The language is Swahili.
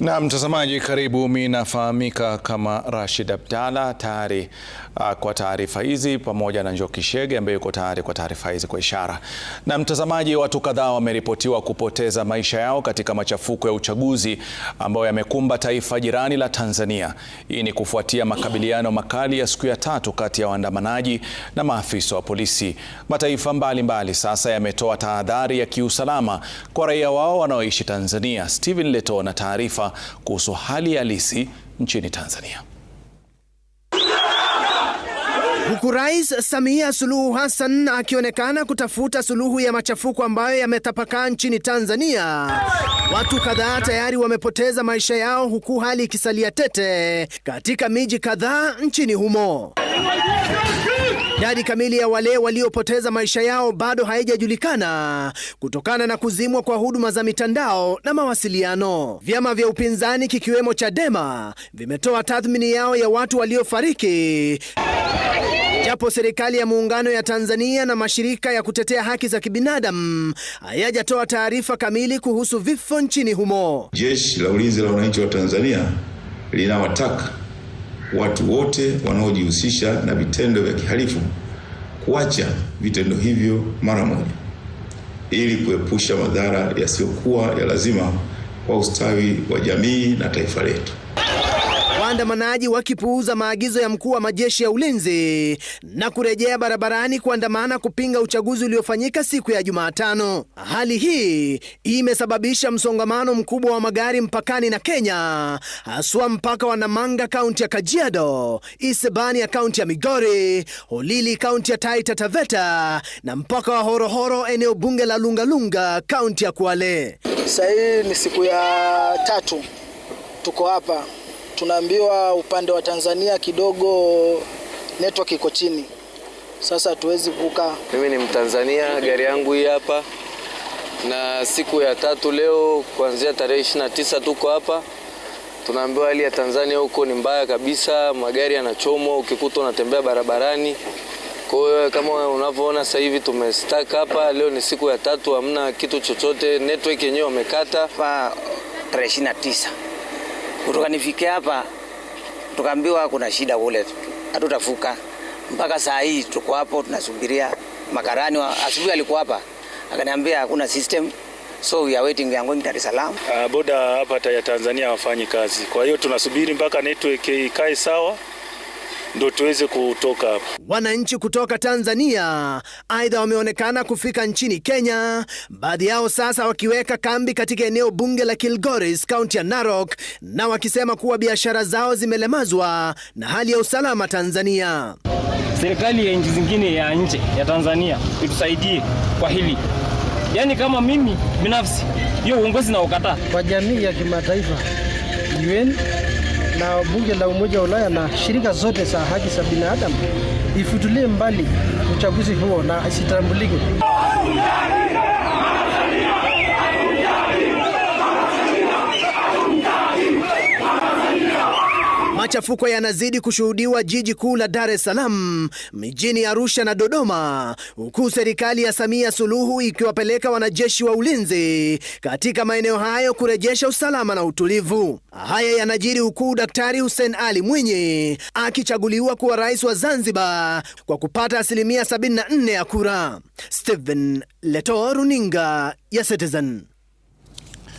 Na mtazamaji, karibu. Mimi nafahamika kama Rashid Abdalla, tayari ah, kwa taarifa hizi pamoja na Njoki Shege ambaye yuko tayari kwa taarifa hizi kwa ishara. Na mtazamaji, watu kadhaa wameripotiwa kupoteza maisha yao katika machafuko ya uchaguzi ambayo yamekumba taifa jirani la Tanzania. Hii ni kufuatia makabiliano makali ya siku ya tatu kati ya waandamanaji na maafisa wa polisi. Mataifa mbalimbali mbali sasa yametoa tahadhari ya kiusalama kwa raia wao wanaoishi Tanzania. Steven Leto na taarifa kuhusu hali halisi nchini Tanzania. Huku Rais Samia Suluhu Hassan akionekana kutafuta suluhu ya machafuko ambayo yametapakaa nchini Tanzania, watu kadhaa tayari wamepoteza maisha yao, huku hali ikisalia tete katika miji kadhaa nchini humo. Idadi kamili ya wale waliopoteza maisha yao bado haijajulikana kutokana na kuzimwa kwa huduma za mitandao na mawasiliano. Vyama vya upinzani kikiwemo Chadema vimetoa tathmini yao ya watu waliofariki. Japo serikali ya muungano ya Tanzania na mashirika ya kutetea haki za kibinadamu hayajatoa taarifa kamili kuhusu vifo nchini humo. Jeshi la Ulinzi la Wananchi wa Tanzania linawataka watu wote wanaojihusisha na vitendo vya kihalifu kuacha vitendo hivyo mara moja ili kuepusha madhara yasiyokuwa ya lazima kwa ustawi wa jamii na taifa letu waandamanaji wakipuuza maagizo ya mkuu wa majeshi ya ulinzi na kurejea barabarani kuandamana kupinga uchaguzi uliofanyika siku ya Jumatano. Hali hii imesababisha msongamano mkubwa wa magari mpakani na Kenya, haswa mpaka wa Namanga kaunti ya Kajiado, Isebania kaunti ya Migori, Holili kaunti ya Taita Taveta na mpaka wa Horohoro eneo bunge la Lungalunga kaunti ya Kwale. Sasa hii ni siku ya tatu tuko hapa tunaambiwa upande wa Tanzania kidogo network iko chini, sasa hatuwezi kukaa. Mimi ni Mtanzania, gari yangu hii hapa, na siku ya tatu leo kuanzia tarehe 29 tuko hapa tunaambiwa hali ya Tanzania huko ni mbaya kabisa, magari yanachomwa, ukikuta unatembea barabarani. Kwa hiyo kama unavyoona sasa hivi tumestaka hapa, leo ni siku ya tatu, hamna kitu chochote, network yenyewe wamekata tarehe 29 kutoka nifike hapa tukaambiwa kuna shida kule, hatutafuka mpaka saa hii tuko hapo tunasubiria. Makarani asubuhi alikuwa hapa akaniambia hakuna system, so we are waiting, we are going Dar es Salaam. Uh, boda hapa ya Tanzania hawafanyi kazi, kwa hiyo tunasubiri mpaka network ikae sawa ndo tuweze kutoka hapo. Wananchi kutoka Tanzania aidha wameonekana kufika nchini Kenya, baadhi yao sasa wakiweka kambi katika eneo bunge la Kilgoris, kaunti ya Narok, na wakisema kuwa biashara zao zimelemazwa na hali ya usalama Tanzania. Serikali ya nchi zingine ya nje ya Tanzania itusaidie kwa hili, yaani kama mimi binafsi hiyo uongozi na ukataa kwa jamii ya kimataifa UN na bunge la Umoja wa Ulaya na shirika zote za haki za binadamu ifutulie mbali uchaguzi huo na isitambulike. Machafuko yanazidi kushuhudiwa jiji kuu la Dar es Salaam, mijini Arusha na Dodoma, huku serikali ya Samia Suluhu ikiwapeleka wanajeshi wa ulinzi katika maeneo hayo kurejesha usalama na utulivu. Haya yanajiri huku Daktari Hussein Ali Mwinyi akichaguliwa kuwa rais wa Zanzibar kwa kupata asilimia 74 ya kura. Stephen Leto, runinga ya Citizen.